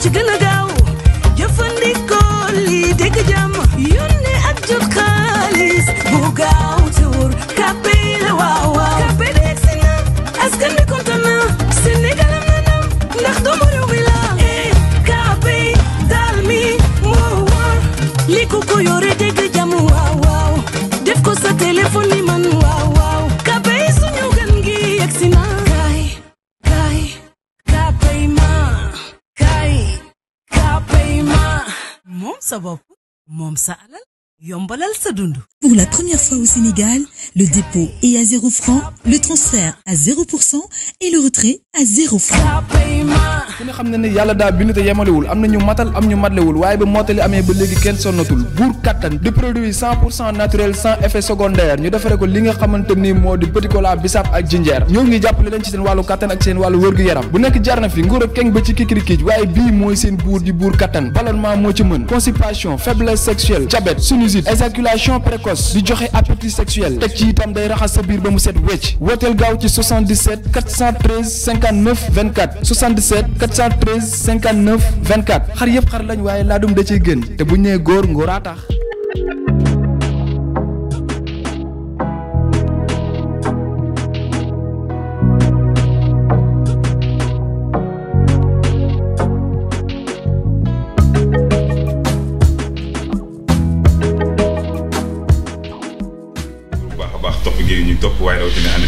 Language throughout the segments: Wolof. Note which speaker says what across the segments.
Speaker 1: ci gën a moom sa yombalal sa dund. Pour la première fois au Sénégal, le dépôt est à 0 francs, le transfert à 0% et le retrait à 0 francs. ku ne xam
Speaker 2: ne ne yàlla daa bind te yemalewul am na ñu matal am ñu matlewul waaye ba mottali amee ba léegi kenn sonnatul buur kattan di produit naturel sans effet secondaire ñu defare ko li nga xamante ni moo di petit cola ak jinjeer ñoo ngi jàppale leen ci seen wàllu kattan ak seen wàllu wërgu yaram bu nekk jarna fi nguur ak keng ba ci kikirikiij waaye bii mooy seen buur di buur kattan ballonnement moo ci mën sinusite éjaculation précoce di joxe appétit sexuel teg ci itam day raxas sa biir ba mu set wecc wooteel gaaw ci 77 413 59 24 77 413 59 24 xar yëpp xar lañ waaye laa dum da ciy gën te bu ñu nee góor ngóoraa tax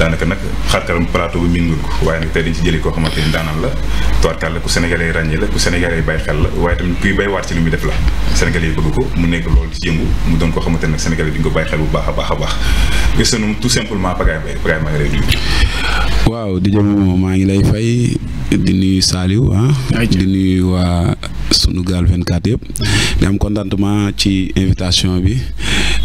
Speaker 3: daanaka nag xarkaram plateau bi miin nga ko waaye nag tey dañ ci jële koo xamante ni daanaan la tuwaatkaal la ku sénégalais yi ràññee la ku sénégalais yi bàyyi xel la waaye tamit kuy bay waat ci li def la sénégalais yi bëgg ko mu nekk loolu ci jëngu mu doon koo xamante ne nag sénégalais duñ ko bay xel bu baax a baax a baax gëstanu tout simplement Pagaye Mbaye Pagaye waaw di jëm
Speaker 4: maa ngi lay fay di nuyu Saliou ah di nuyu waa Sunugal 24 yëpp di am contentement ci invitation bi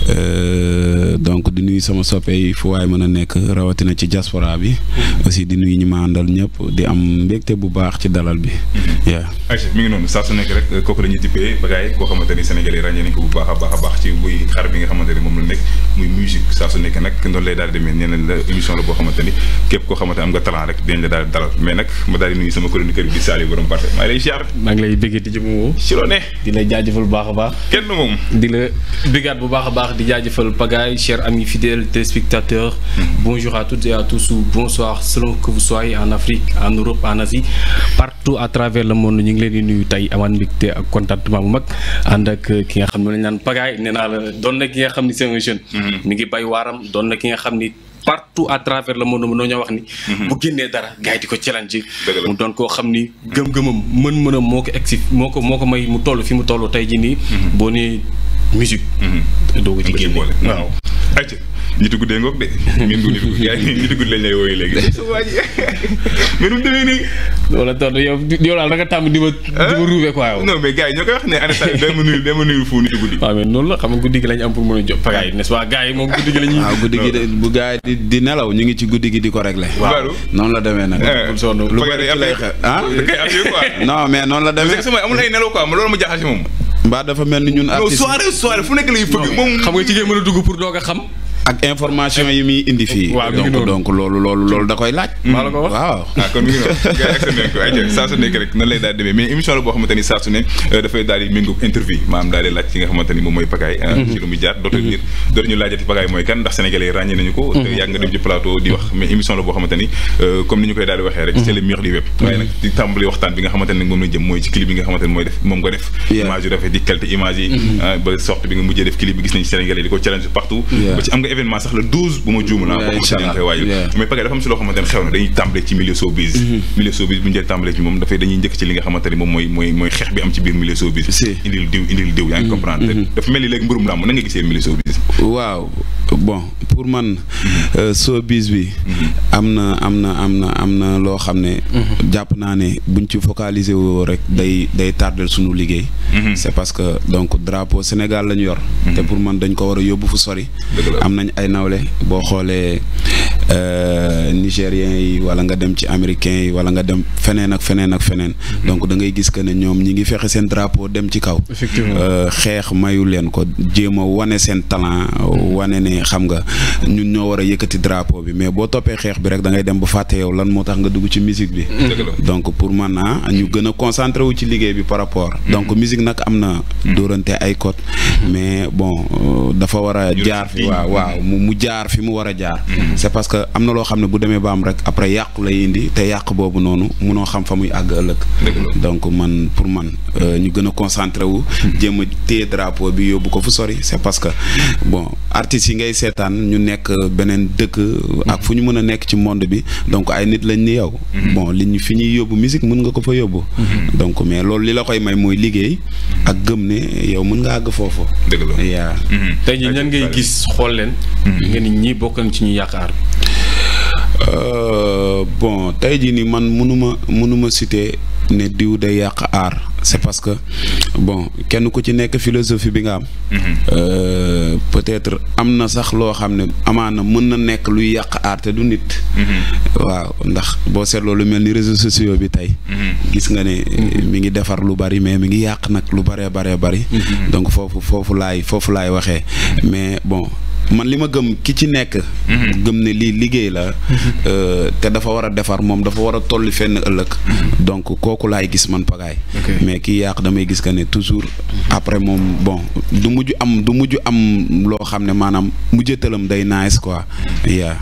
Speaker 4: Euh, donc di nuyu sama soppe yi fu waay mën a nekk rawatina ci diaspora bi. Mm-hmm. aussi di nuyu ñi ma àndal ñëpp di am mbégte bu baax ci dalal bi. Mm-hmm.
Speaker 3: ayca mi ngi noonu saa su nekk rek kooku la ñuy dippee bagaay koo xamante ni Sénégalais ràññee nañ ko bu baax a baax a baax ci buy xar bi nga xamante ni moom la nekk muy musique saa su nekk nag ni képp koo xamante am nga talent rek dinañ la daal di ma daal di nuyu sama
Speaker 5: baax a baax. kenn moom. di la bëggaat bu baax a baax di jaajëfal pagaay chers amis fidèles téléspectateurs mm-hmm. bonjour à toutes et à tous ou bonsoir selon que vous soyez en Afrique en Europe en Asie partout à travers le monde ñu ngi leen di nuyu tey amaan mbégte ak contentement bu mag ànd ak ki nga xam ne lañu naan pagaay nee naa la doon na ki nga xam ni c'est un jeune mm-hmm. mi ngi bay waaram doon na ki nga xam ni partout à travers le monde mënoo ñoo wax ni. Mm-hmm. bu génnee dara gars di ko challenge. mu doon koo xam ni gëm-gëmam mën-mënam moo ko moo ko moo ko may mu toll fi mu toll tey jii nii. boo musique. Mm-hmm. doo ko ci génne mm-hmm. waaw.
Speaker 3: ayca nitu guddee ngoog de. ngeen du di ma
Speaker 5: la xam nga a jóg. gars yi n'est-ce pas
Speaker 4: guddi gi di di nelaw ñu ngi ci guddi gi di ko réglé. waaw noonu la demee nag. bu eh, sonn lu bëri ci lay xew ah. da koy am noonu la demee. parce que sama amul ay nelaw loolu ma jaaxal si moom. mbaa dafa mel ni ñun. artistes soirée soirée fu nekk lay fëgg moom xam nga jigéen
Speaker 5: mën a dugg pour doog a xam.
Speaker 3: ak information yi muy indi fii. waaw donc loolu loolu loolu da koy laaj. maa la ko wax
Speaker 4: waaw. Ah, kon mi ngi
Speaker 3: noonu euh, moom mooy Pagaye. Mhm. ci lu muy jaar dootul mhm. ngir dootuñu laajati Pagaye mhm. euh, nga def image yu rafet di image yi. Ah, ba sorte bi nga mujjee def clip bi gis nañ sénégalais di ko challenge partout ba ci am nga événement sax le 12 bu ma juum naa ko ci dañ koy waajal mais pare dafa am si loo xamante xew na dañuy tàmbale ci milieu showbiz mm-hmm. milieu showbiz bu ñu dee tàmbale ci moom dafay dañuy njëkk ci li nga xamante moom mooy xeex bi am ci biir milieu showbiz indil diw indil diw yaa ngi mm-hmm. comprendre mm-hmm. dafa mel ni léegi mbirum làmb na nga gisee milieu showbiz waaw bon pour man
Speaker 4: euh, showbiz bi am na am na am na am na loo xam ne jàpp naa ne buñ ci focaliser woo rek day day tardel suñu liggéey c'est parce que donc drapeau Sénégal lañu yor te pour man dañ ko war a yóbbu fu sori am nañ ay nawle boo xoolee euh, nigériens yi wala nga dem ci américains yi wala nga dem feneen ak feneen ak feneen donc da ngay gis que ne ñoom ñi ngi fexe seen drapeau dem ci kaw effectivement euh, xeex mayu leen ko jéem a wane seen talant wane ne xam nga ñun ñoo war a yëkkati drapeau bi mais boo toppee xeex bi rek da ngay dem bu fàtte yow lan moo tax nga dugg ci musique bi. Mm. donc pour man ah ñu gën a concentré wu ci liggéey bi par rapport. Mm. donc musique nag am na. Mm. dóorante ay code mais bon euh, dafa war a jaar. waaw waaw mu jaar fi mu war a jaar. c'est parce que am na loo xam ne bu demee ba am rek yàqu lay indi te yàq boobu noonu munoo xam fa muy àgg donc man pour man euh, ñu gën a concentré wu. jéem a téye drapeau bi yóbbu ko fu sori c'est parce que bon artistes yi ngay seetaan. ñu nekk beneen dëkk. ak fu ñu mën a nekk ci monde bi donc ay nit lañ ni yow. Mhm. bon li ñu fi ñuy yóbbu musique mën nga ko fa yóbbu. Mhm. donc mais loolu li la koy may mooy liggéey. ak gëm ne yow mën nga àgg foofu. dëgg la yaa.
Speaker 1: Mhm.
Speaker 5: tey jii ñan ngay gis xool leen.
Speaker 4: nga ni ñii bokk nañ yaakaar. Euh, bon tey jii nii man mënuma mënuma citer ne diw day yàq aar. c'est parce que bon kenn ku ci nekk philosophie bi nga am. Euh, peut-être am na sax loo xam ne amaana mën na nekk luy yàq aar du nit. waaw ndax boo seetloo lu mel ni réseaux sociaux bi tey. gis nga ne mu ngi defar lu bari mais mi ngi yàq nag lu baree baree bari. Mhm. donc foofu foofu laay foofu laay waxee mais bon. man li ma gëm ki ci nekk. Mhm. gëm ne lii liggéey la. Mhm. Euh, te dafa war a defar moom dafa war a toll fenn ëllëg. Mhm. donc kooku laay gis man pagaay mais kii yàq damay gis que ne toujours. après moom bon du mujj am du mujj am loo xam ne maanaam
Speaker 5: mujjatalam day nice quoi. yaa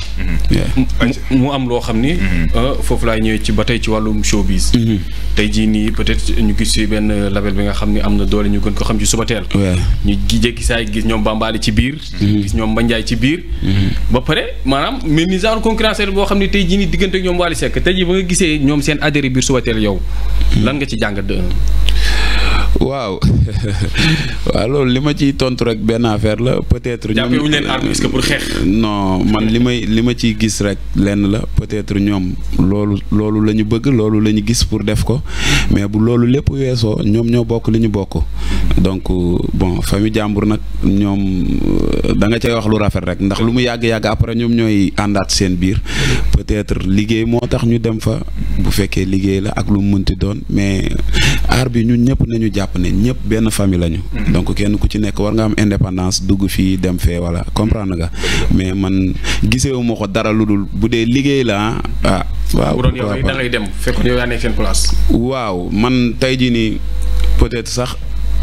Speaker 5: mu am loo xam ni. Euh, foofu laay ñëwee ci ba tey ci wàllum showbiz. tey jii nii peut-être ñu gis ci benn euh, label bi nga xam ni am na doole ñu gën ko xam ci suba teel. ñu jékki saa gis ñoom bàmbaali ci biir. Demba Ndiaye ci biir. ba pare maanaam mel ni genre concurrence boo xam ne tey jii nii diggante ñoom Wally Seck te jii ba nga gisee ñoom seen adhéré biir suba teel yow. lan nga ci jàngat de. waaw
Speaker 4: waaw loolu li ma ciy tontu rek benn affaire la
Speaker 5: peut-être. ñoom jàppee leen arme est-ce que
Speaker 4: man li may li ma ciy gis rek lenn la peut-être ñoom loolu loolu la ñu bëgg loolu la ñu gis pour def ko mais bu loolu lépp weesoo ñoom ñoo bokk li ñu bokk. donc bon famille jàmbur nag ñoom euh, da nga cay wax lu rafet rek ndax lu mu yàgg-yàgg après ñoom ñooy àndaat seen biir peut-être liggéey moo tax ñu dem fa bu fekkee liggéey la ak lu mu mënti doon mais aar bi ñun ñëpp nañu jàpp ne ñëpp benn famille lañu. donc kenn ku ci nekk war nga am indépendance dugg fii dem fee wala comprendre nga mais man gisewu ma ko dara lu dul bu dee liggéey la ah, ah waaw bu doon yow da ngay dem man tey jii nii peut sax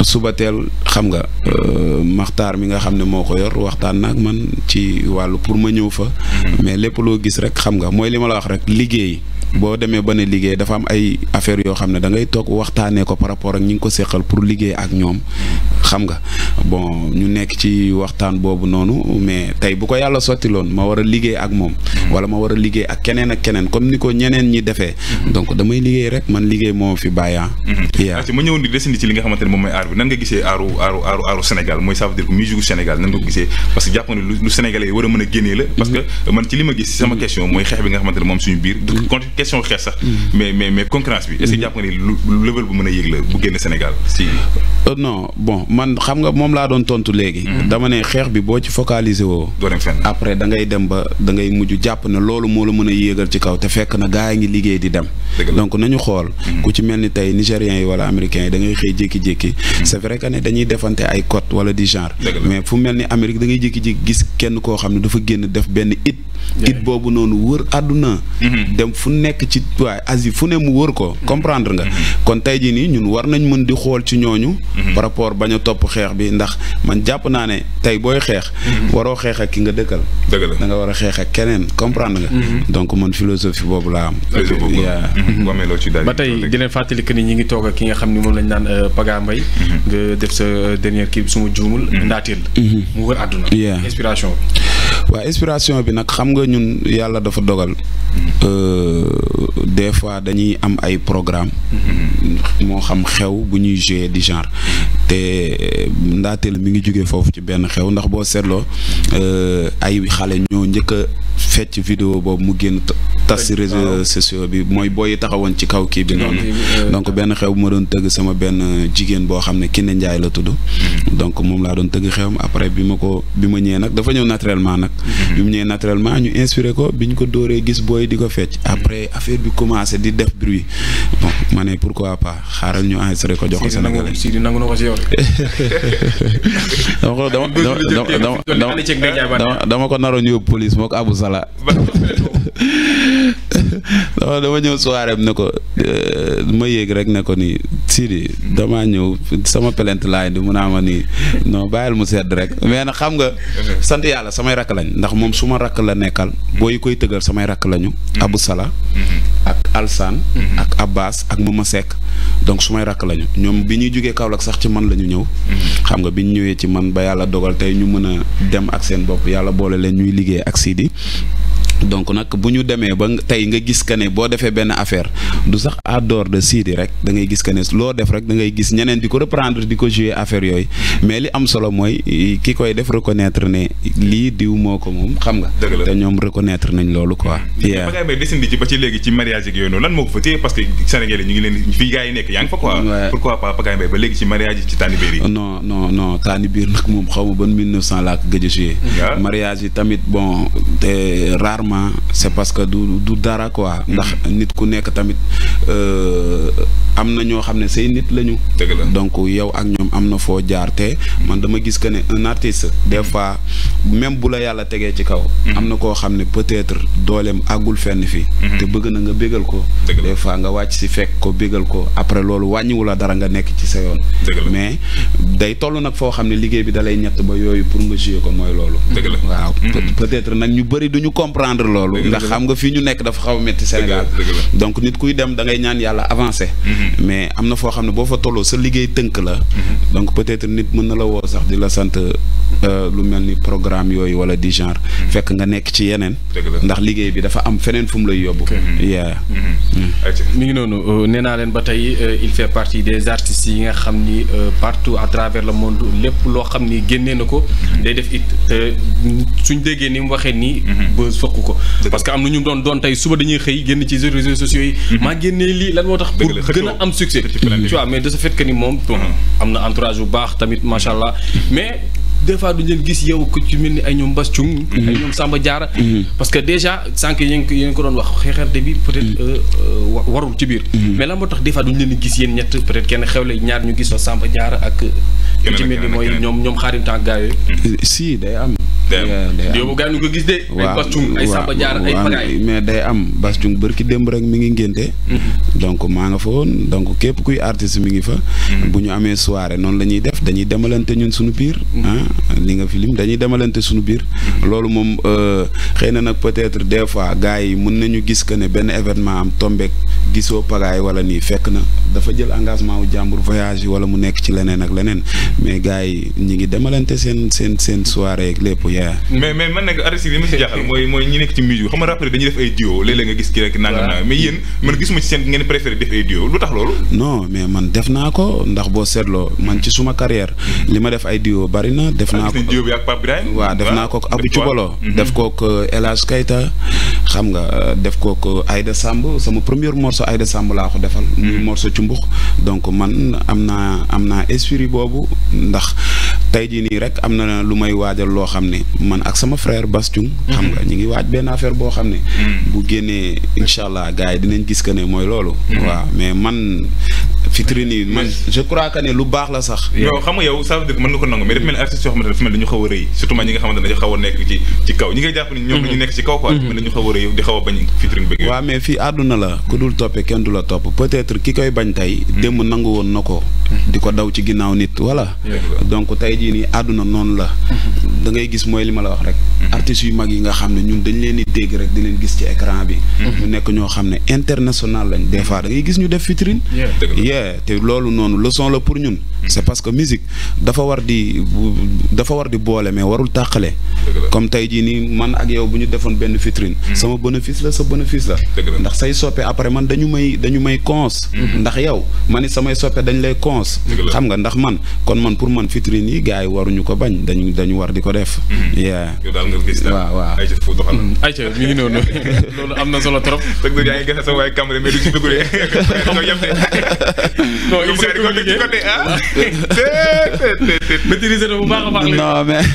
Speaker 4: suba teel xam nga euh, maxtaar mi nga xam ne moo ko yor waxtaan ak man ci wàllu pour ma ñëw fa. Mhm. mais lépp loo gis rek xam nga mooy li ma la wax rek liggéey. boo demee ba ne liggéey dafa am ay affaire yoo xam ne dangay toog waxtaanee ko par rapport ak ñi ngi ko seqal pour liggéey ak ñoom. xam nga bon ñu nekk ci waxtaan boobu noonu mais tey bu ko yàlla sottiloon ma war a liggéey ak moom wala ma war a liggéey ak keneen ak keneen comme ni ko ñeneen ñi defee donc damay liggéey rek man liggéey moo fi bàyyaa ah.
Speaker 3: mhm. yaa ma ñëw di desandi ci li nga xamante ne moom nan nga gisee aaru aaru Sénégal mooy ça veut dire Sénégal nan nga gisee parce que jàpp lu Sénégalais war a mën a génnee la parce que mhm. man ci li ma gis sama mhm. question mooy xeex bi nga xamante moom suñu
Speaker 4: man xam nga moom laa doon tontu léegi. Mhm. dama ne xeex bi boo ci focaliser woo. après da ngay dem ba da ngay mujj jàpp ne loolu moo la mën a yéegal ci kaw te fekk na gaa a ngi liggéey di dem. donc nañu xool. Mhm. ku ci mel ni tey nigériens yi wala américains yi dangay ngay xëy jékki-jékki. Mhm. c' est vrai que ne dañuy defante ay cote wala di genre. mais fu mel ni Amérique da ngay jékki-jékki gis kenn koo xam ne dafa génn def benn it. it boobu noonu wër àdduna. dem fu nekk ci waaye Asie fu ne mu wër ko comprendre nga. kon tey jii nii ñun war nañ mën di xool ci ñooñu. topp xeex bi ndax man jàpp naa ne tey booy xeex. Mhm. waroo xeex ki nga dëkkal. dëgg da nga war a xeex ak keneen comprendre nga. Mhm. donc man philosophie boobu laa am.
Speaker 3: Mhm. ba
Speaker 5: tey di leen fàttali que ni ñi ngi toog ki nga xam ni moom lañ naan euh, Paga Mbaye nga def sa euh, dernière kii bi suma juumul. ndaatil mu wër àdduna. inspiration waaw
Speaker 4: inspiration bi nag xam nga ñun yàlla
Speaker 5: dafa dogal. Euh,
Speaker 4: des fois dañuy am ay programme moo xam xew bu ñuy joué di genre te euh, ndaateel mi ngi jóge foofu ci benn xew ndax boo seetloo euh, ay xale ñoo njëkk a fecc vidéo boobu mu génn tas si réseaux sociaux bi mooy booy taxawoon ci kaw kii bi noonu euh, donc benn xew bu ma doon tëgg sama benn jigéen boo xam ne Kiné Ndiaye la tudd mm-hmm. donc moom laa doon tëgg xewam après bi ma ko bi ma ñëwee nag dafa ñëw naturellement nag mm-hmm. bi mu ñëwee ñu inspiré ko bi ñu ko dóoree gis booy di ko fecc mm-hmm. après affaire bi commencé di def bruit bon ma ne pourquoi pas xaaral ñu enregistré ko jox ko Sénégalais
Speaker 5: si nangu na ko si yow
Speaker 4: dama ko naroon yóbbu police moo ko Abou Sall voilà dama dama ñëw soirée am ne ko euh, ma yéeg rek ne ko nii Sidi damaa ñëw sama plainte laay di mun a ma nii non bàyyil mu sedd rek mais nag xam nga sant yàlla samay rakk lañ ndax moom su ma rakk la nekkal booy koy tëgal samay rakk lañu mhm. abu Sala mhm. ak Alsaan mhm. ak Abbas ak Mama Seck donc su may rakk lañu ñoom bi ñuy jógee Kaolack sax ci man la ñu ñëw xam nga bi ñu ñëwee ci man ba yàlla dogal tey ñu mën a dem ak seen bopp yàlla boole leen ñuy liggéey ak Sidi donc nag bu ñu demee ba tey nga gis que ne boo defee benn affaire du sax à dehors de Sidy rek da ngay gis que ne loo def rek da ngay gis ñeneen di ko reprendre di ko jouer affaire yooyu mais li am solo mooy ki koy def reconnaître ne lii diw moo ko moom xam nga. te ñoom reconnaître nañ loolu quoi. yaa
Speaker 3: ba ngay ci ba ci léegi ci mariage ak ko fa parce que Sénégalais ñu ngi leen fi gars yi nekk yaa ngi fa quoi. pourquoi pas Pagaye Mbaye ba léegi ci mariage yi ci tànn yi.
Speaker 4: non non non tànn biir a jouer. yi tamit bon rarement vraiment c'est parce que du du dara quoi. ndax mm-hmm. nit ku nekk tamit euh, am na ñoo xam ne say nit lañu. dëgg la donc yow ak ñoom am na foo jaar man dama gis que ne un des mm-hmm. fois même bu la yàlla tegee ci kaw. Mm-hmm. am na koo xam ne peut-être dooleem àggul fenn fii. te bëgg na nga bégal ko. des fois nga wàcc si fekk ko bégal ko après loolu wàññiwu la dara nga nekk ci sa yoon. mais day toll nag foo xam ne liggéey bi dalay ñett ba yooyu pour nga jouer ko mooy loolu. dëgg waaw peut nag ñu bëri duñu comprendre. comprendre loolu ndax xam nga fii ñu nekk dafa xaw a métti Sénégal donc nit kuy dem da ngay ñaan yàlla avancé mm-hmm. mais am na foo xam ne boo fa tolloo sa liggéey tënk la mm-hmm. donc peut-être nit mën na la woo sax di la sant euh, lu mel ni programme yooyu wala di genre mm-hmm. fekk nga nekk ci yeneen
Speaker 1: ndax
Speaker 5: liggéey bi dafa am feneen fu mu lay yóbbu
Speaker 1: yeah
Speaker 3: mm.
Speaker 5: mi ngi noonu euh, nee naa leen ba tey euh, il fait partie des artistes yi nga xam ni partout à travers le monde lépp loo xam ni génnee na ko day def it suñ déggee ni mu ni ko parce que am na ñu doon doon suba dañuy xëy génn ci réseaux sociaux yi mhm. maa génnee lii lan moo tax pour gën a am succès tu vois mais de ce fait ni moom mhm. am na entourage bu baax tamit macha allah mhm. mais des fois duñu leen gis yow ku ci mel ni ay ñoom Bass Thioung ñoom Samba Diarra parce que déjà sànq yéen yéen ko doon wax xeexerte bi peut-être euh, euh, warul ci biir mais moo tax des fois duñu leen gis yéen ñett peut-être kenn xewle ñaar ñu gis Samba Diarra ak ku ci mel ni mooy ñoom ñoom xaarim temps gaa yooyu si day am day gis de. ay Bass Thioung ay
Speaker 4: mais day am Bass Thioung bërki démb rek mi ngi ngénte mhm. donc maa nga fa woon donc képp kuy artiste mi ngi fa. Mhm. bu ñu amee soire noonu la ñuy def dañuy demalante ñun suñu biir. Mhm. Ah, li nga fi lim dañuy demalante suñu biir. loolu moom euh, xëy na nag peut-être des fois gars yi mën nañu gis que ne benn événement am tombeek gisoo Pagaye wala nii fekk na dafa jël engagement wu jàmbur voyage yi wala mu nekk ci leneen ak leneen mais gars yi ñu ngi demalante seen seen seen soirée
Speaker 3: mais mais man nag artiste yi ma si jaaxal mooy mooy ñi nekk ci musique xam nga rappeur mais yéen man gisuma ci seen ngeen préféré def ay duo lu tax loolu
Speaker 4: non mais man def naa ko ndax boo seetloo man ci suma carrière mm-hmm. li ma def ay duo bari na def naa ko
Speaker 3: duo bi ak Pape Birahim waaw def naa ko Abou Cubalo mm-hmm. def
Speaker 4: kook euh, El Hadj Kayta xam nga def kook euh, Aïda Samb sama premier morceau Aïda Samb laa ko defal mm-hmm. muy morceau ci mbux donc man am naa am naa esprit boobu ndax tey jii nii rek am na lu may waajal loo xam ne man ak sama frère Bass xam nga mhm. ñu ngi waaj benn affaire boo xam ne mhm. bu génnee incha allah gars yi dinañ gis que ne mooy loolu mhm. waaw mais man vitrine yi man je crois que ne lu baax la sax yow
Speaker 3: xam nga yow ça veut dire mën nga ko nangu mais dafa mel ni artiste xaw a rëy surtout man ñi nga xamante ne dañu xaw a nekk ci ci kaw ñi ngay jàpp ni ñoom dañu nekk ci a rëy di xaw a bañ vitrine bëgg waaw
Speaker 4: mais fii àdduna la ku dul toppe kenn du la topp peut être ki koy bañ tey démb nangu woon na ko di ko daw ci ginnaaw nit wala donc tey jii nii àdduna noonu la da ngay gis mooy li ma la wax rek. Mhm. artistes yu mag yi nga xam ne ñun dañ leen di dégg rek di leen gis ci écran bi. Mhm. ñu nekk ñoo xam ne international lañ des mhm. fois da ngay gis ñu def vitrine. yeah te loolu noonu leçon la pour ñun. c'est parce que musique dafa war di dafa war di boole mais warul tàqale comme tey jii nii man ak yow bu ñu defoon benn fitrine hmm. sama bénéfice la sa bénéfice la ndax say soppe après man dañu may dañu may cons hmm. ndax yow man it samay soppe dañ lay cons xam nga ndax man kon man pour man vitrine yi gars yi waruñu ko bañ dañu dañu war di ko def hmm. yeah waaw waaw ayca
Speaker 3: mi ngi loolu am na solo trop non il maîtriser na bu baax a baax.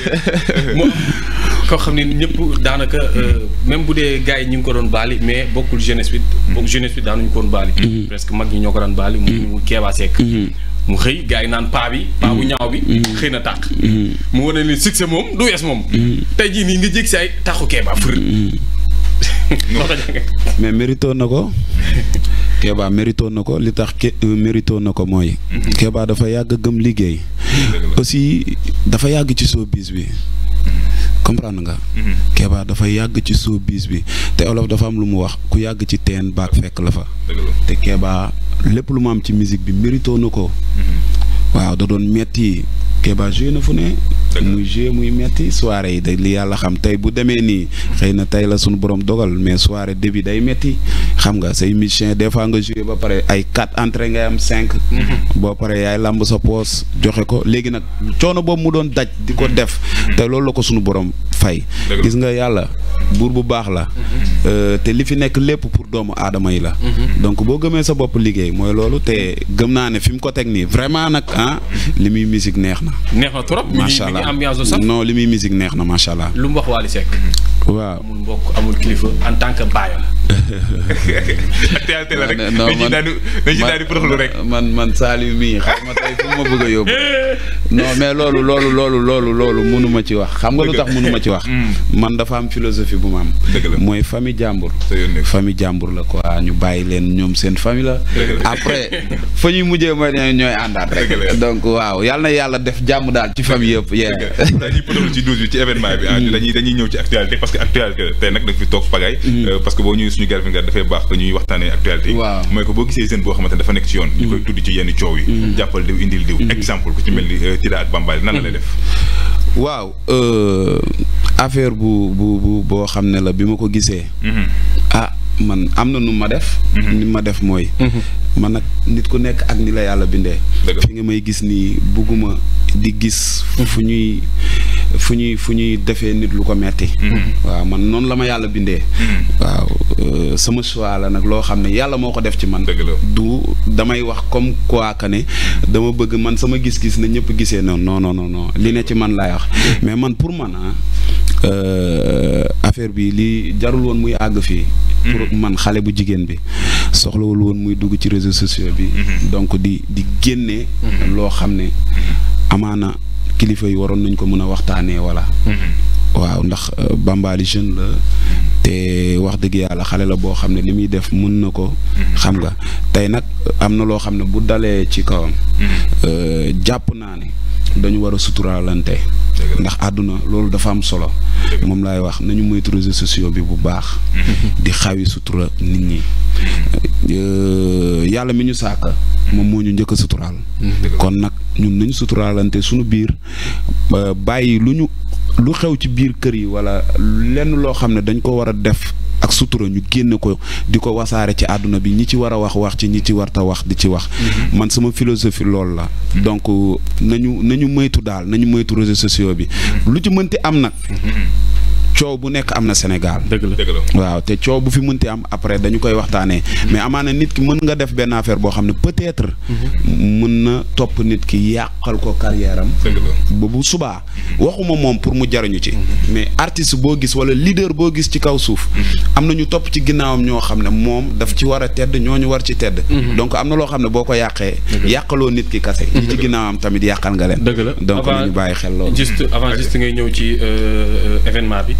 Speaker 5: non xam ne ñëpp daanaka euh, même bu dee gars yi ñu ngi ko doon baali mais bokkul jeunesse bi. bokkul jeunesse bi daanuñu ko doon baali. Mhm. presque mag ñi ñoo ko daan baali. mu mhm. Kéba Seck. Mhm. mu xëy gars yi naan paa bi. paa ñaaw bi. xëy na tàq. mu wane ni succès moom du wees moom. te jii nii ni jég si ay tàqu fër.
Speaker 4: mais mérito na ko. Kéba méritoon na ko li tax méritoon na ko mooy. Mhm. Kéba dafa yàgg gëm liggéey. aussi dafa yàgg ci showbiz bi. Mhm. comprendre nga. Mhm. Kéba dafa yàgg ci biis bi te olof dafa am lu mu wax ku yàgg ci teen baag fekk la fa. te Kéba lépp lu mu am ci musique bi méritoon na ko. waaw da doon metti Kéba joué na fu ne. muy joué muy metti soirée yi da li yàlla xam tey bu demee nii xëy na tey la suñu borom dogal mais soirée début day metti xam nga say musicien des fois nga joué ba pare ay quatre entrée ngay am cinq mhm. boo pare yaay làmb sa poos joxe ko léegi nag coono boobu mu doon daj di ko def te loolu la ko suñu boroom fay gis nga yàlla buur bu baax la mhm. euh, te li fi nekk lépp pour doomu aadama yi la mhm. donc boo gëmee sa bopp liggéey mooy loolu te gëm naa ne fi mu ko teg nii vraiment nag ah li muy musique neex na allah ambiance du sax non li muy neex na macha
Speaker 5: lu mu wax Wally waaw amul mbokk en tan que baayam.
Speaker 3: actualité la rek non man dañu
Speaker 4: dañu ma bëgg a yóbbu. non mais loolu loolu loolu loolu loolu mënuma ci wax xam nga lu tax mënuma ci wax mm. man dafa am philosophie bu ma am mooy famille jàmbur famille jàmbur la ko ñu bàyyi leen ñoom seen famille la après fa ñuy mujjee mooy ne ñooy waaw yàlla na yàlla def jàmm daal ci famille yëpp
Speaker 3: yee dañuy potool ci douze bi ci ah, mm. dañuy ñëw ci actualité parce que actualité tey nag da nga fi toog pagaay mm. euh, parce que boo suñu garab dafay baax que ñuy waxtaanee actualité mooy ko boo gisee jeune boo xamante dafa nekk ci yoon ñu koy tudd ci yenn coow yi jàppal diw indil diw exemple Tida ak Bambaly nan la lay def.
Speaker 4: waaw euh, affaire bu bu bu boo xam ne la bi ma ko gisee. Mhm. ah man am na nu ma def. Mhm. ni ma def mooy. Mhm. man nag nit ku nekk ak ni la yàlla bindee. fi nga may gis nii bugguma di gis. fu ñuy fu ñuy fu ñuy defee nit lu ko metti waaw man noonu la ma yàlla bindee. waaw euh, sama choix la nag loo xam ne yàlla moo ko def ci man. du damay wax comme quoi que ne dama bëgg man sama gis-gis na ñëpp gisee noonu non non non li ne ci man laay wax mais man pour man ah euh, affaire bi li jarul woon muy àgg fii. pour mm-hmm. man xale bu jigéen bi soxlawul woon muy dugg ci réseau sociaux bi. Mm-hmm. donc di di génne. Mm-hmm. loo xam ne amaana kilifa yi waroon nañ ko mën a waxtaanee voilà. waaw ndax euh, Bambaali jeune la te wax dëgg yàlla xale la boo xam ne li muy def mun na ko. Mhm. xam nga tey nag am na loo xam ne bu dalee ci kawam. Mhm. Euh, jàpp naa ne dañu war a suturaalante. ndax àdduna loolu dafa am solo. moom lay wax nañu moytu réseaux sociaux bi bu baax. Mhm. di xawi sutura nit ñi. Euh, yàlla mi ñu saaka moom moo ñu njëkk a suturaal. kon nag ñun nañu suturaalante suñu biir bàyyi lu ñu lu xew ci biir kër yi wala lenn loo xam ne dañ ko war a def ak sutura ñu génn ko di ko wasaare ci àdduna bi ñi ci war a wax wax ci ñi ci warta wax di ci wax. Mhm. man sama philosophie loolu la. Mhm. donc nañu nañu moytu daal nañu moytu réseaux sociaux bi. Mhm. lu ci mënti am nag. coow bu nekk am na Sénégal. dëgg la waaw te coow bu fi mënti am après dañu koy waxtaanee. Mm-hmm. mais amaana nit ki mën nga def benn affaire boo xam ne peut-être.
Speaker 1: mën
Speaker 4: mm-hmm. na topp nit ki yàqal ko carrière am. ba bu subaa mm-hmm. waxuma moom pour mu jariñu ci. mais artiste boo gis wala leader boo gis ci kaw suuf. am na ñu topp ci ginnaawam ñoo xam ne moom daf ci war a tedd ñoo ñu war ci tedd. donc am na loo xam ne boo ko yàqee. yàqaloo nit ki kase. ñi ci ginnaawam tamit yàqal
Speaker 5: nga leen. dëgg la donc bàyyi xel loolu. juste avant juste ngay ñëw ci euh, euh, événement bi.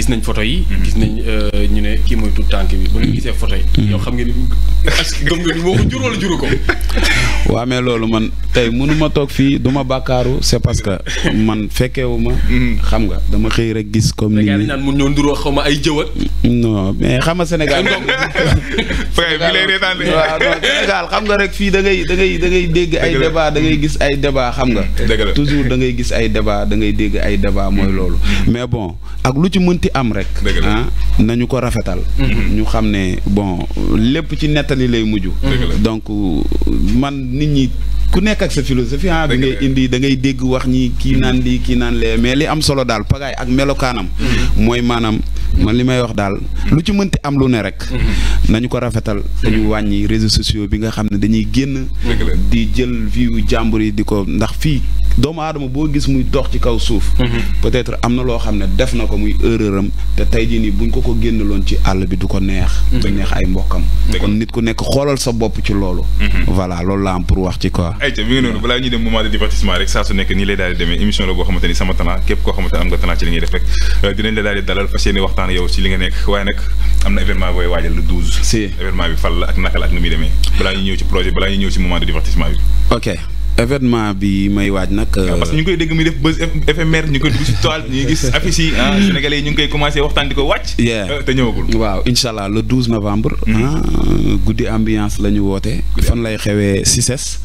Speaker 5: gis nañ foto yi. gis nañ euh, ñu ne kii mooy tànk bi ba nga gisee yi. Mm-hmm. yow xam nga ni gëm nga ni moo juru ko.
Speaker 4: waaw mais loolu man tey mënuma toog fii duma ma bàkkaaru c'est parce que man fekkewu ma. Mm-hmm. xam nga dama xëy rek gis comme ni. da
Speaker 5: mun ñoo nduroo xaw ma ay jëwat.
Speaker 4: non mais xam nga Sénégal.
Speaker 5: frère nga
Speaker 4: rek fii da ngay da ngay da ngay dégg ay débat da ngay gis ay débat xam nga. toujours da ngay gis ay débat da ngay dégg ay débat mooy loolu mm-hmm. mais bon ak lu ci mënti ci am rek ah nañu ko rafetal mhm. ñu xam ne bon lépp ci nettali lay mujj mhm. donc man nit ñi ku nekk ak sa philosophie ah bi ngay indi da ngay dégg wax ñi ki naan lii kii naan lee mais li am solo daal pagaay ak melokaanam mhm. mooy maanaam ma li may wax daal lu ci mënti am lu ne rek nañu ko rafetal dañu wàññi réseaux sociaux bi nga xam ne dañuy génn di jël vie yu yi di ko ndax fii doomu aadama boo gis muy dox ci kaw suuf. Mhm. peut-être am na loo xam ne def na ko muy erreur am te tey jii nii buñ ko ko génnaloon ci àll bi du ko neex. Mhm. du neex ay mbokkam. kon nit ku nekk xoolal sa bopp ci loolu. Mhm. voilà loolu am pour wax ci euh,
Speaker 3: waaye na événement waajal le si événement bi fal ak naka la ak nu muy demee balaa ñuy ñëw ci projet balaa ñuy ñëw ci moment de divertissement bi.
Speaker 4: événement bi may waaj nag. Ah, parce que
Speaker 3: ñu koy dégg muy def buzz éphémère ñu ngi koy dugg si toile ñu ngi gis affiche yi ah sénégalais yi ñu ngi koy commencé waxtaan di ko wàcc.
Speaker 4: Euh, te ñëwagul. waaw incha le novembre. Mm-hmm. Ah, guddi ambiance la ñu woote. fan lay xewee CICES.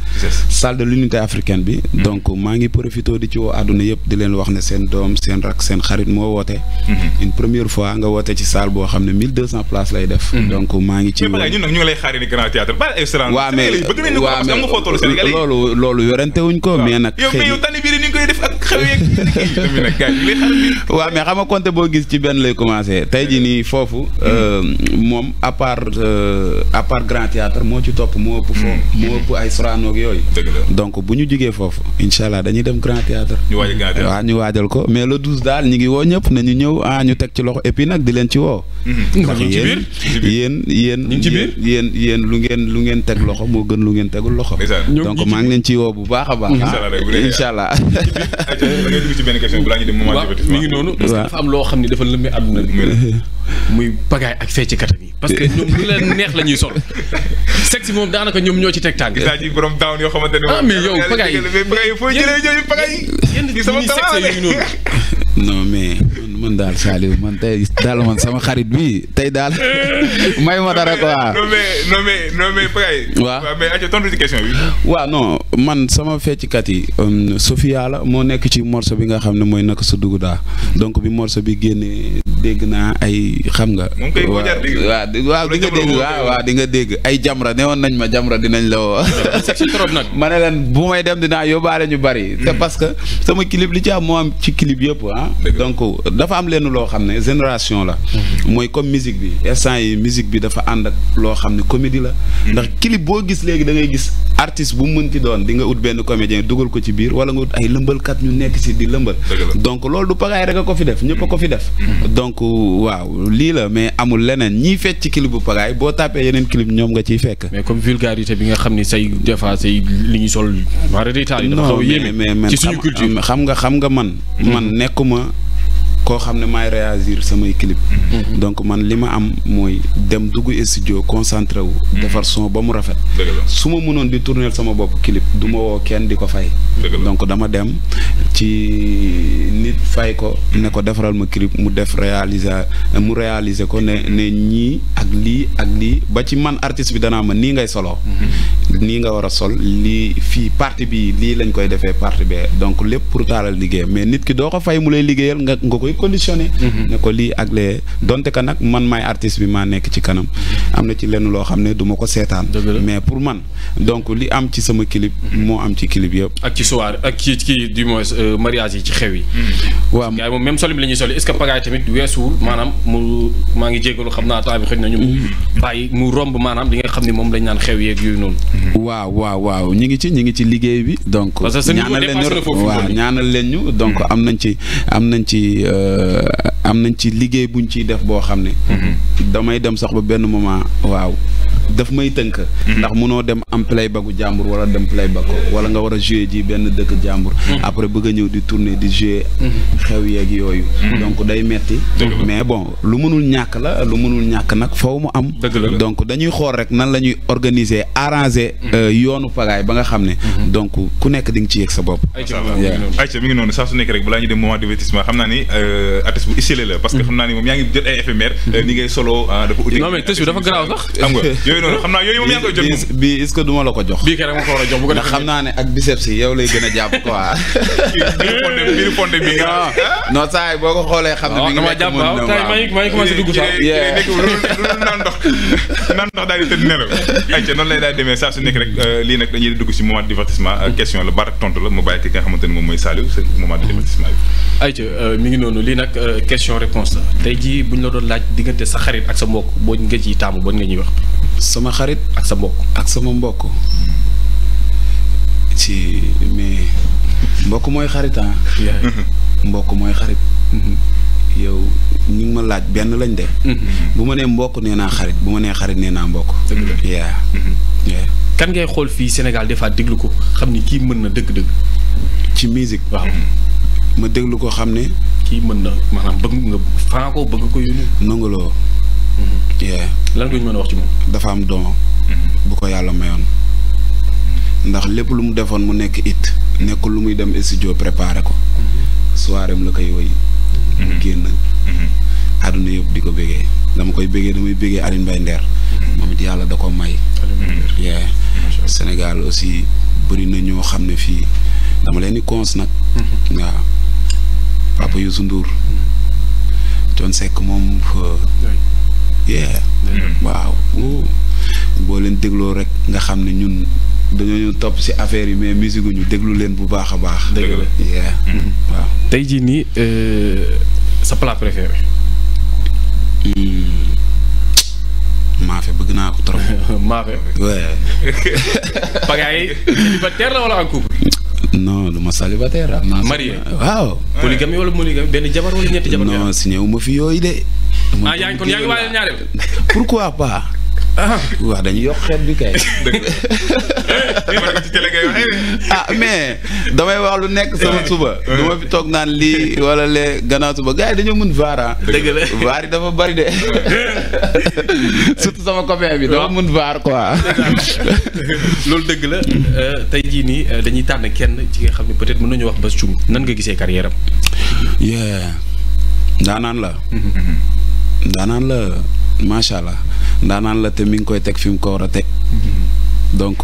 Speaker 4: salle de l'unité africaine bi. Mm-hmm. donc maa ngi profité di ci woo àdduna yëpp di leen wax ne seen doom seen rak seen xarit moo woote. Mm-hmm. une première fois nga woote ci salle boo xam ne 1200 places lay def. donc maa ngi ci. mais ñun nag
Speaker 3: ñu ngi
Speaker 4: lay loolu yorante wuñ ko. mais nag xëy na yow waaw mais xam nga compter boo gis ci benn lay commencé tey jii nii foofu. Euh, moom à part euh, à part grand théâtre moo ci topp moo ëpp mm. moo ay Sorano ak yooyu. donc bu ñu jigee foofu incha allah dañuy dem grand théâtre ñu waajal grand ñu waajal ko mais le douze daal ñu ngi woo ñëpp nañu ñëw ah, ñu teg ci loxo et puis nag di leen ci woo. Mm-hmm. ndax yéen yéen yéen yéen yéen lu ngeen lu ngeen teg loxo moo gën lu ngeen tegul loxo donc maa ngi leen ci woo woo bu baax a baax. Ah. incha allah
Speaker 3: incha allah. mi ngi noonu. parce que dafa am loo xam ni dafa
Speaker 5: lëmbee àdduna bi. muy pagaay ak fecc katam yi parce que ñoom lu leen neex
Speaker 3: la ñuy sol sexe moom daanaka ñoom ñoo ci teg tànk. gis naa ci borom down yoo xamante ne. ah mais yow pagaay yi yéen sama noonu.
Speaker 4: non mais man daal Saliou man tey daal man sama xarit bi tey daal may ma dara quoi. non mais man sama fecckat yi. Um, Sofia la moo nekk ci morceau bi nga xam ne mooy naka sa dugg daa donc bi morceau bi génnee dégg naa ay. xam nga. moom kay koo jaar dégg waaw waaw di nga dégg waaw di nga dégg ay jamra ne woon nañ ma jamra dinañ la woo. trop nag. ma ne leen bu may dem dinaa yóbbaale ñu bari. c'est hmm. parce que sama clip li ci am moo am ci clip yëpp ah. donc dafa am lenn loo xam ne génération la. Hmm. mooy comme musique bi instant yi musique bi dafa ànd ak loo xam ne comédie la. Hmm. ndax clip boo gis léegi da ngay gis artiste bu mu mënti doon dinga ut benn comédien dugal ko ci biir wala nga ut ay lëmbalkat ñu nekk si di lëmbal. donc loolu du pagaay rek a ko fi def ñëpp ko fi def. lii la mais amul leneen ñiy fecc ci clip bu pagaay boo tàppee yeneen clip ñoom nga
Speaker 5: ciy fekk. mais comme vulgarité bi nga xam ni say des fois say li ñu sol. non mais mais man ci suñu culture xam nga xam nga man. Mm-hmm. man nekkuma koo xam ne maay réagir
Speaker 4: samay clip. Mhm. donc man li ma am mooy dem dugg studio concentré wu. Mhm. defar son ba mu rafet. su ma mënoon di tourner sama bopp clip du ma mhm. woo kenn di ko fay. donc dama dem ci nit fay ko ne ko defaral ma clip mu def réaliser mu réaliser ko ne ne ñii ak lii ak lii ba ci man artiste bi danaa ma nii ngay soloo. nii nga war a sol lii fii partie bi lii lañ koy defee partie bee donc lépp pour taalal liggéeyam mais nit ki doo ko fay mu lay liggéeyal nga conditionné. Mhm. ne ko lii ak lee donte que nag man maay artiste bi maa nekk ci kanam. Mhm. am na ci lenn loo xam ne duma ko seetaan. mais pour man donc li am ci sama clip. Mhm. moo am ci clip yëpp.
Speaker 5: ak ci soirée ak ci kii du moins euh, mariage yi ci xew yi. waaw gars yi moom même la ñuy soli est ce que pagaay tamit maa ngi jégalu xam naa temps bi xëj na ñu. mu romb maanaam li nga xam ne moom lañ naan xew yeeg yooyu noonu. waaw
Speaker 4: waaw waaw ñi ngi ci ñi ngi ci liggéey bi donc. ñaanal leen ñu waaw ñaanal leen ñu donc am nañ ci am nañ ci. Euh, am nañ ci liggéey buñ ciy def boo xam ne. Mhm. damay dem sox ba benn moment waaw daf may tënk. ndax noo dem am play bagu jàmbur wala dem play bag ko wala nga war a jouer ji benn dëkk jàmbur. après bëgg a ñëw di tourner di jouer. xew yeeg yooyu. donc day metti mais bon lu mënul ñàkk la lu mënul ñàkk nag faw mu am. donc dañuy xool rek nan la ñuy organiser arranger. Euh, yoonu pagaay ba nga xam ne. donc ku nekk di ci yëg sa bopp.
Speaker 1: ayca
Speaker 3: mi ngi noonu saa su nekk rek balaa ñu dem moment divertissement xam naa ni euh, artiste bu isolé la parce que mm-hmm. xam naa ni moom yooyu noonu xam naa yooyu moom yaa ngi koy ko jox
Speaker 4: bii kay a xam naa ne ak biceps
Speaker 3: yow lay gën a jàpp quoi biir fonde bi
Speaker 4: non saa boo ko xoolee xam ne na waaw
Speaker 5: maa ngi maa ngi commencé dugg sax
Speaker 1: nekk naan ndox
Speaker 3: naan ndox daal di tëdd nelaw ayca noonu lay daal demee saa su nekk rek euh, lii nag dañuy dugg si moment de divertissement euh, question la barak tontu la mu bàyyi ki nga xamante ne moom mooy Saliou c'est moment de divertissement bi ayca euh, mi ngi noonu lii nag question réponse la
Speaker 5: tey jii buñ la doon laaj diggante sa xarit ak sa mbokk boo nga yi taamu bon nga ñuy wax sama xarit ak sa mbokk ak sama mbokk
Speaker 4: ci mais mbokk mooy xaritan ah. mbokk mooy xarit mm-hmm. yow ñu ngi ma laaj benn lañ de mm-hmm. bu ma nee mbokk nee naa xarit bu ma nee xarit nee naa mbokk yaa
Speaker 5: mm-hmm. kan ngay xool fii Sénégal des déglu ko xam ni kii mën na dëgg-dëgg ci musique waaw ma déglu ko xam ne kii mën na maanaam bëgg nga
Speaker 4: franco bëgg ko yónni nanguloo Mm-hmm. yee lan nga ñu mën a wax ci dafa am don mm-hmm. bu ko yàlla mayoon mm-hmm. ndax lépp lu mu defoon mu nekk it nekk lu muy dem studio préparé ko soirée la koy woy génn àdduna yëpp di ko bégee dama koy bégee damay bégee Alioune Mbaye Nder moom it yàlla da ko may yee Sénégal aussi bari na ñoo xam ne fii dama leen di cons nag waaw papa Youssou Ndour Thione moom yeah mm-hmm. waaw boo leen dégloo rek nga xam ne ñun dañoo ñu topp ci affaire yi mais musique ñu déglu leen bu baax a baax. dëgg la yeah mm-hmm.
Speaker 5: waaw. tey jii nii euh, sa plat préféré. Hmm. maafe bëgg naa ko trop. maafe. pagaay célibataire la wala en couple.
Speaker 4: non du ma célibataire. Ah, marié waaw. polygamie
Speaker 5: wala monogamie benn jabar wala ñetti jabar.
Speaker 4: non si ñëw ma fi yooyu de.
Speaker 5: ah yaa ngi kon yaa ngi waajal pas. Ah.
Speaker 4: waaw dañuy yokk xeet bi kay.
Speaker 5: Eh, ah mais damay
Speaker 4: wax lu nekk sama eh. suba. Eh. du ma toog naan lii wala lee gannaaw suba gars yi dañoo mun vaar ah. dëgg
Speaker 5: la vaar yi dafa bari de surtout sama copain bi dafa mun vaar quoi. loolu dëgg la tey jii nii dañuy tànn kenn ci nga xam ne peut-être mën nañu wax Bass Thioung nan nga gisee carrière am. daanaan la. Mm-hmm.
Speaker 4: daanaan la macha allah daanaan la te mi ngi koy teg fi mu ko war a teg mm-hmm. donc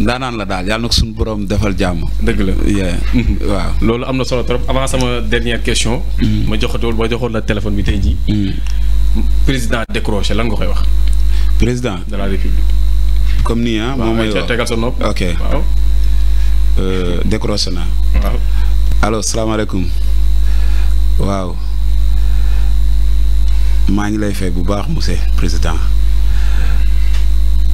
Speaker 5: daanaan la daal yàlla na ko suñu borom defal jàmm. dëgg la mm-hmm. waaw. loolu am na solo trop avant sama dernière question. Mm-hmm. ma joxatool ba joxoon la téléphone bi tey jii. président décroché lan nga koy wax. président de la comme nii ah. moom mooy wax tegal sa nopp. ok waaw. Euh,
Speaker 4: décroché naa. waaw. allo salaamaaleykum waaw. maa ngi lay fay bu baax monsieur président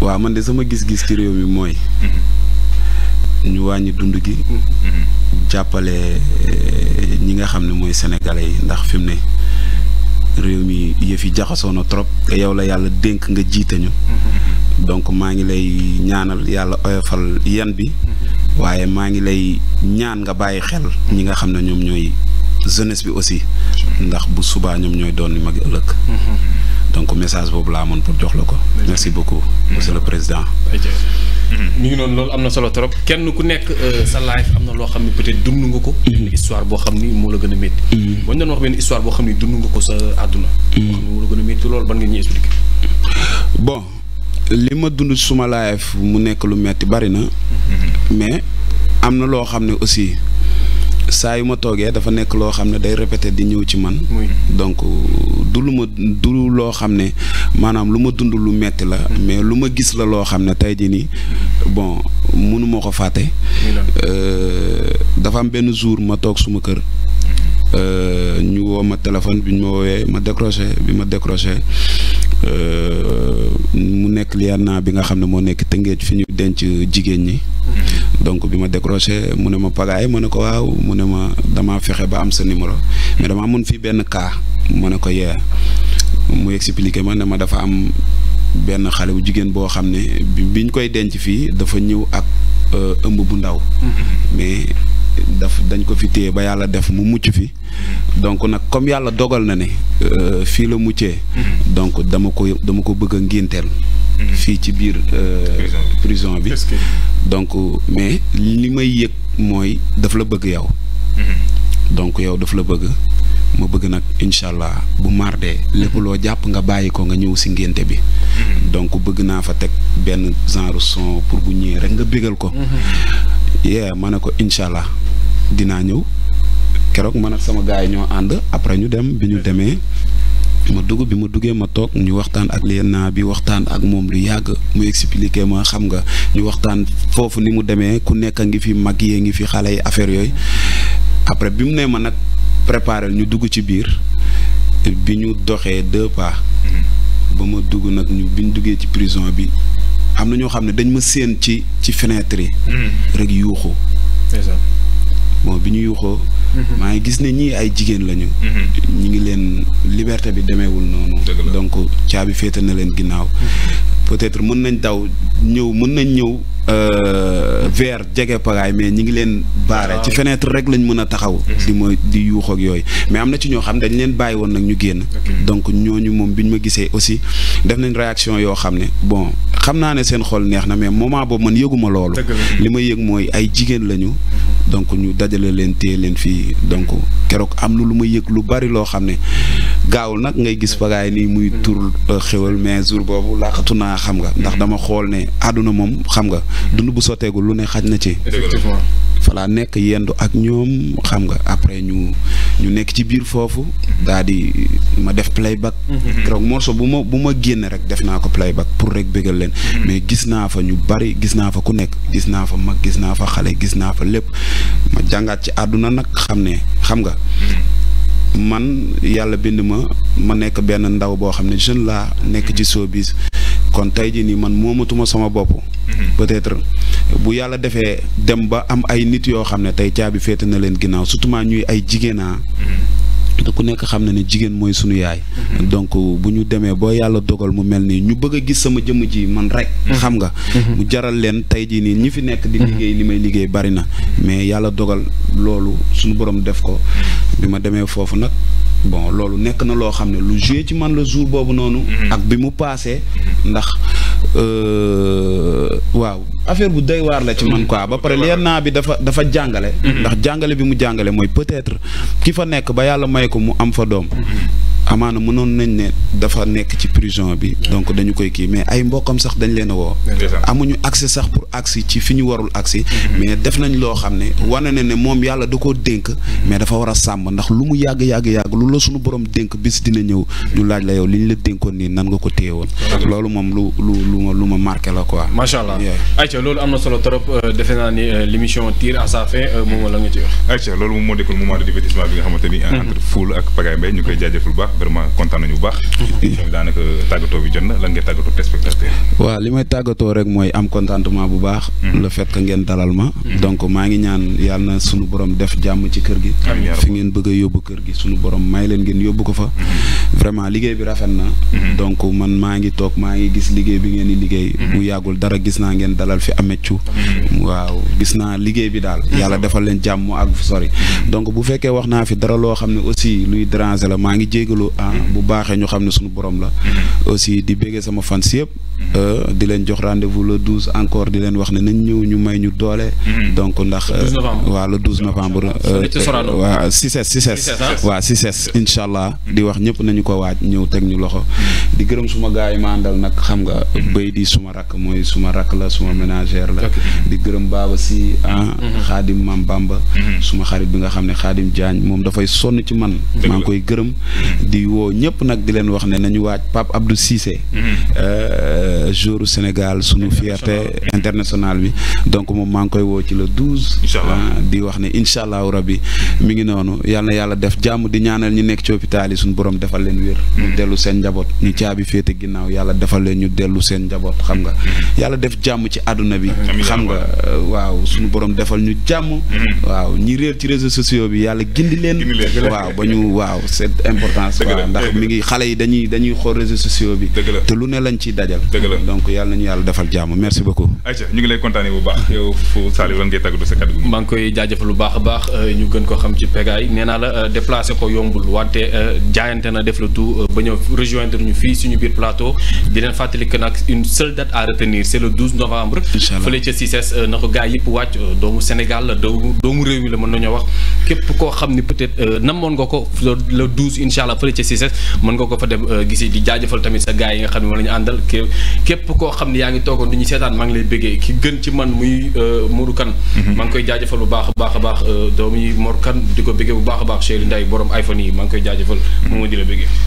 Speaker 4: waaw man de sama gis-gis ci réew mi mooy mm-hmm. ñu wàññi dund gi
Speaker 1: mm-hmm.
Speaker 4: jàppale eh, ñi nga xam ne mooy sénégalais yi ndax fi mu ne réew mi yëf yi jaxasoo na trop yow la yàlla dénk nga jiite
Speaker 1: mm-hmm.
Speaker 4: donc maa ngi lay ñaanal yàlla oyofal yan bi waaye maa ngi lay ñaan nga bàyyi xel ñi nga xam ne ñoom ñooy jeunesse bi aussi ndax bu subaa ñoom ñooy doon ni magi ëllëg donc message boobu laa amoon pour jox la ko merci beaucoup monsieur le président
Speaker 5: mm-hmm. mi ngi noonu loolu am na solo trop kenn ku nekk euh, sa life am na loo xam ne peut-être dund nga ko mm-hmm. benn histoire boo xam ni moo la gën a métti mm-hmm. boo ñu doon wax benn histoire boo xam ni dund nga ko sa àdduna boo xam ne moo la gën a métti loolu ban nga ñuy expliquer bon
Speaker 4: li ma dund suma life mu nekk lu metti bari na mais am na loo xam ne aussi saa yu ma toogee dafa nekk loo xam ne day répété di ñëw ci man. donc du lu ma du loo xam ne maanaam lu ma dund lu metti la. Mm-hmm. mais lu ma gis la loo xam ne tey jii nii bon mënu ma ko fàtte. Euh, dafa am benn jour ma toog suma kër. Mm-hmm. Euh, ñu woo ma téléphone bi ñu ma woowee ma décroché bi ma décroché euh, mu nekk liyaat naa bi nga xam ne moo nekk tëngéej fi ñu denc jigéen ñi. donc bi ma décroché mu ne ma pagaay mu ne ko waaw mu ne ma damaa fexe ba am sa numéro mais damaa mun fii benn cas mu ne ko yee mu expliqué ma ne ma dafa am benn xale bu jigéen boo xam ne biñ koy denc fii dafa ñëw ak euh, ëmb bu ndaw mais daf dañ ko fi téye ba yàlla def mu mucc fi donc nag comme yàlla dogal na ne euh, fii la muccee mm-hmm. donc dama ko dama ko bëgg ngénteel Mm-hmm. fii ci biir euh, prison bi donc mais li may yëg mooy daf la bëgg yow
Speaker 1: mm-hmm.
Speaker 4: donc yow daf la bëgg ma bëgg nag incha allah bu mardee mm-hmm. lépp loo jàpp nga bàyyi ko nga ñëw si ngénte bi donc bëgg naa fa teg benn genre son pour bu ñëwee rek nga bégal ko yee ma ne ko incha allah dinaa ñëw keroog man ak sama gars ñoo ànd après ñu dem bi ñu demee ma dugg bi ma duggee ma toog ñu waxtaan ak liy naa bi waxtaan ak moom lu yàgg mu expliqué ma xam nga ñu waxtaan foofu ni mu demee ku nekk ngi fi mag yee ngi fi xale yi affaire yooyu après bi mu nee ma nag préparé ñu dugg ci biir bi ñu doxee deux pas. Mm-hmm. ba ma dugg nag ñu bi ñu duggee ci prison bi am na ñoo xam ne dañ ma séen ci ci fenêtre yi. Mm-hmm. rek yuuxu. bon bi ñu yuuxoo
Speaker 5: mhm.
Speaker 1: maa
Speaker 4: ngi gis ne ñii ay jigéen lañu mhm. ñi ngi leen liberté bi demeewul noonu donc caabi féete na leen ginnaaw mhm. peut-être mën nañ daw ñëw mën nañ ñëw euh, vers jege pagaay mais ñi ngi leen baare ci fenêtre rek lañ mën a taxaw di mooy di yuux ak yooyu mais am na ci ñoo xam ne dañ leen bàyyi woon nag ñu génn donc ñooñu moom bi ñu ma gisee aussi def nañ réaction yoo xam ne bon xam naa ne seen xol neex na mais moment boobu man yëguma loolu li ma yëg mooy ay jigéen lañu donc ñu dajale leen téye leen fii donc keroog am lu lu ma yëg lu bari loo xam ne gaawul nag ngay gis pagaay nii muy tur euh, xéwal mais jour boobu laqatu naa xam nga. ndax dama xool ne àdduna moom xam nga dund bu sotteegul lu ne xaj na ci. effectivement falaa nekk yendu ak ñoom xam nga après ñu ñu nekk ci biir foofu daa di ma def playback mhm. keroog morceau bu ma bu ma génne rek def naa ko playback pour rek bégal leen mhm. mais gis naa fa ñu bari gis naa fa ku nekk gis naa fa mag gis naa fa xale gis naa fa lépp ma jàngaat ci àdduna nag xam ne xam nga
Speaker 1: mhm.
Speaker 4: man yàlla bind ma ma nekk benn ndaw boo xam ne jeune laa nekk ci showbiz kon tey jii nii man moomatuma sama bopp. Mhm. peut-être bu yàlla defee dem ba am ay nit yoo xam ne tey caabi féete na leen ginaaw surtout maa ñuy ay jigéenaa ah.
Speaker 1: mhm.
Speaker 4: te ku nekk xam na ni jigéen mooy sunu yaay. Mhm. donc bu ñu demee boo yàlla dogal mu mel nii ñu bëgg a gis sama jëmm ji man rek. xam nga. mu jaral leen tey jii nii ñi fi nekk di liggéey li may liggéey bari na mais yàlla dogal loolu suñu borom def ko bi ma demee foofu nag. bon loolu nekk na loo xam ne lu joué ci man la jour boobu noonu. Mhm. ak bi mu paasee. Mhm. ndax euh, waaw affaire bu doy waar la ci man mhm. quoi ba pare leer naa bi dafa dafa jàngale. ndax jàngale bi mu jàngale mooy peut-être ki fa nekk ba yàlla may ko mu am fa doom. amaana mënoon nañ ne dafa nekk ci prison bi donc dañu koy kii mais ay mbokkam sax dañ leen a woo amuñu accès sax pour accès ci fi ñu warul accès mm-hmm. mais def nañ loo xam ne wane ne ne moom yàlla da ko dénk mm-hmm. mais dafa war a sàmm ndax lu mu yàgg yàgg yàgg lu la suñu borom bi bis dina ñëw ñu mm-hmm. laaj la yow li ñu la dénkoon nii nan nga ko téye woon loolu moom lu lu lu ma lu
Speaker 3: ma marqué la quoi macha
Speaker 5: allah ayca loolu am na solo trop euh, defe naa ni euh, l'émission tire à sa
Speaker 3: euh, la nga ci wax ayca loolu moom moo dekkul moment de divertissement bi nga xamante ni entre Ful ak Pagaye Mbaye ñu koy jaajëfal baax vraiment kontaan nañu bu baax. ñoom daanaka tàggatoo bi jot na lan ngay tàggatoo téléspectateur
Speaker 4: waaw li may tàggatoo rek mooy am contentement bu baax. Hmm. le fait que ngeen dalal ma. Hmm. donc maa ngi ñaan yàlla na sunu borom def jàmm ci kër gi. fi ngeen bëgg a yóbbu kër gi sunu borom may leen ngeen yóbbu ko fa. Hmm. vraiment liggéey bi rafet na. donc man maa ngi toog maa ngi gis liggéey bi ngeen di liggéey. bu yàggul dara gis naa ngeen dalal fi ameccu waaw gis naa liggéey bi daal. yàlla defal leen jàmm ak sori. donc bu fekkee wax naa fi dara loo xam ne aussi luy déranger la maa ngi jégalu déglu ah bu baaxee ñu xam ne suñu borom la mm-hmm. aussi di béggee sama fans yëpp Euh, di leen jox rendez-vous le douze encore di leen wax ne nañ ñëw ñu may ñu doole. Mhm. donc ndax. Euh, waaw le douze novembre. waa si ses si ses waa si ses incha allah di wax ñëpp nañu ko waaj ñëw teg ñu loxo. Mhm. di gërëm suma gaa yi ma àndal nag xam nga. Mhm. béy di suma rakk mooy suma rakk la suma ménagère la. di gërëm baaba si ah. xaadim maam Bamba. suma xarit bi nga xam ne xaadim Diagne moom dafay sonn ci man. maa ngi koy gërëm. di woo ñëpp nag di leen wax ne nañu waaj Pape Abdou Cissé. Euh, Euh, jour Sénégal sunu fierté internationale bi donc moom maa ngi koy woo ci le douze ah, di wax ne incha allahu rabbi mi ngi noonu yal na yàlla def jàmm di ñaanal ñi nekk ci hôpital yi suñu borom defal leen wér ñu mm. dellu seen njaboot ñu caabi féete ginnaaw yàlla defal leen ñu dellu seen njaboot xam nga mm. yàlla def jàmm ci àdduna bi xam nga euh, waaw suñu borom defal ñu jàmm mm. waaw ñi réer ci réseaux sociaux bi yàlla gindi leen waaw ba ñu waaw c'est importance waaw ndax mi ngi xale yi dañuy dañuy xool réseaux sociaux bi te lu ne lañ ciy dajal dëgg la donc yàlla nañu yàlla defal jàmm merci beaucoup.
Speaker 3: ayca ñu ngi lay kontaanee bu baax yow fu Saliou lan ngay koy
Speaker 5: jaajëfal bu baax a baax euh, ñu gën ko xam ci Pagaye nee la euh, déplacé ko yombul wante euh, jaayante na def le tout ba réew mi la mën nañoo wax képp koo xam ni peut être mën nga ko fa dem gisee di jaajëfal tamit sa gars yi nga xam ne moom la ñu àndal képp koo xam ne yaa ngi toogoon di ñu seetaan maa ngi lay bëggee ki gën ci man muy euh, Modou kan mm-hmm. maa ngi koy jaajëfal bu baax a baax a baax euh, doomu Mor kan di ko bëggee bu baax a baax Cheikh Ndiaye borom iPhone yi maa ngi koy jaajëfal mm-hmm. moom di la bëggee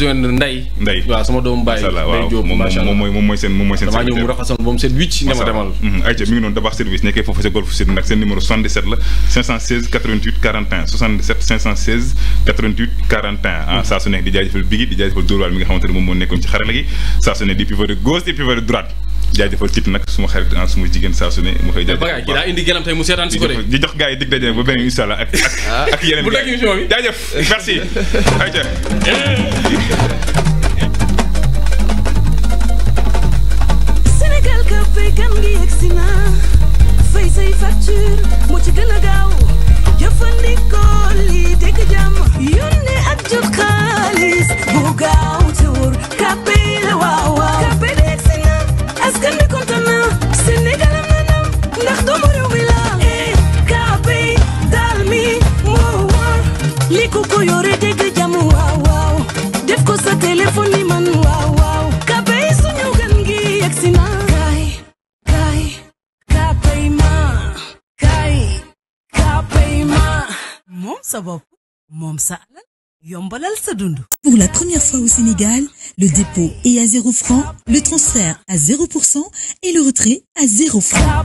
Speaker 5: rejoindre Ndeye. Ndeye waaw sama
Speaker 3: doomu baay. Ndeye Diop mooy seen moom mooy seen. service damaa ñëw mu raxasoon ma demal mm-hmm. ayca mi ngi noonu Dabakh service nekkee foofu sa Golf Sud nag seen numéro 77 la 516 88 41 77 516 88 41 ah mm-hmm. saa su nekk di jaajëfal Bigui di jaajëfal Dóor waar mi nga xamante ne moom moo nekkoon ci xarala gi saa su nekk di pivot de gauche di de droite jaajëfal tiit nag suma xarit en suma jigéen saa su ne mu koy jaajëfal kii daa indi gënam tey mu seetaan si ko de di jox gars yi dig daje ba beneen incha allah ak ak ah, ak yeneen bu nekk émission bi jaajëf merci
Speaker 1: Sénégal ka fay gan ngi yegg si na fay say facture moo ci gën a gaaw jëfandikoo lii dégg jàmm yónnee ak jot xaalis bu gaaw te wóor kàppee la waaw waaw askan bi kontaan naa Sénégal am na ndam ndax doomu réew mi la daal mi moo war li ko ko yore dégg jàmm waaw waaw def ko sa téléphone ni man waaw waaw KAPA suñu gan gi yegsi na kay kay KAPA ma kay KAPA ma moom sa bopp moom sa alal yombalal sa dund.
Speaker 2: Pour la première fois au Sénégal, le dépôt est à 0 francs, le transfert à 0% et le retrait
Speaker 1: à 0 francs.